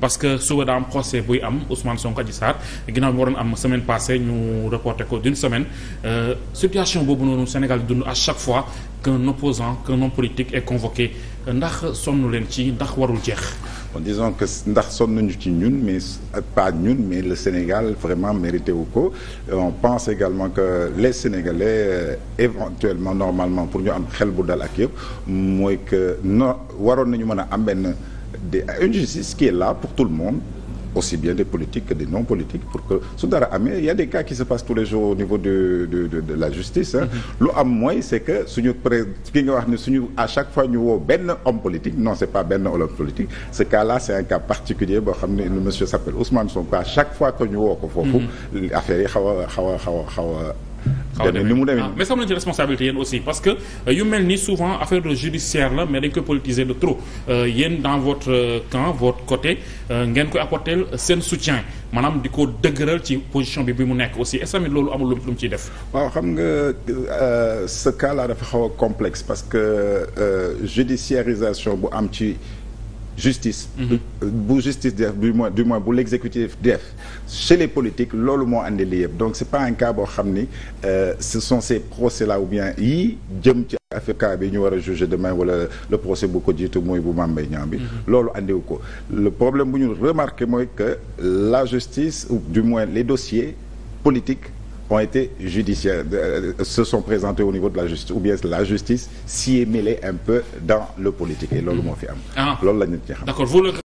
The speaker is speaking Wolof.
parce que suba daa am procès buy am Ousmane Sonko Adji Sarr ginnaaw bi waroon am semaine passée ñu reporté ko d'une semaine euh, situation boobu noonu Sénégal dund à chaque fois qu'un opposant qu'un homme politique est convoqué ndax sonn leen ci ndax warul jeex. bon disons que ndax sonn nañu ci ñun mais pas ñun mais le Sénégal vraiment mérité wu ko euh, on pense également que les Sénégalais euh, éventuellement normalement pour ñu am xel bu dal ak yëpp mooy que no waroon nañu mën a am benn. des une justice qui est là pour tout le monde aussi bien des politiques que des non politiques pour que su dara amee y a des cas qui se passent tous les jours au niveau de de de, de la justice mm-hmm. lu am mooy c'est que suñu pré ki nga wax ne suñu à chaque fois ñu woo benn homme politique non c'est pas benn homme politique ce cas là c'est un cas particulier boo xam ne le monsieur s'appelle Ousmane Sonko à chaque fois que ñu woo ko foofu mm-hmm. affaire yi xaw a xaw a xaw a xaw a xaw ni mu demee ah, mais sama nañ ci responsabilité yéen aussi parce que euh, yu mel ni souvent affaire de judiciaire la mais dañ koy politiser de trop euh, yéen dans votre euh, camp votre côté ngeen koy apporter seen soutien maanaam di ko dëgëral ci position bi bi mu nekk aussi est-ce loolu amul lu mu ciy def. waaw xam nga ce cas dafa xaw a complexe parce que judiciarisation bu am ci. justice mhm. euh, bu justice di def du moins du moins bu l'exécutif di def chez les politiques loolu moo àndi li donc c'est pas un cas boo xam ni euh, ce sont ces procès là ou bien yi jëm ci affaire cas bi ñu war a juger demain wala le procès bu ko jiitu mooy bu Mame Mbaye Niang bi mhm. loolu àndiwu ko le problème bu ñu remarqué mooy que la justice ou du moins les dossiers politiques ont été judiciaires, de, euh, se sont présentés au niveau de la justice ou bien la justice s'y est mêlée un peu dans le politique. et loolu moo fi am. Ah. loolu la nit ñi xam. D'accord.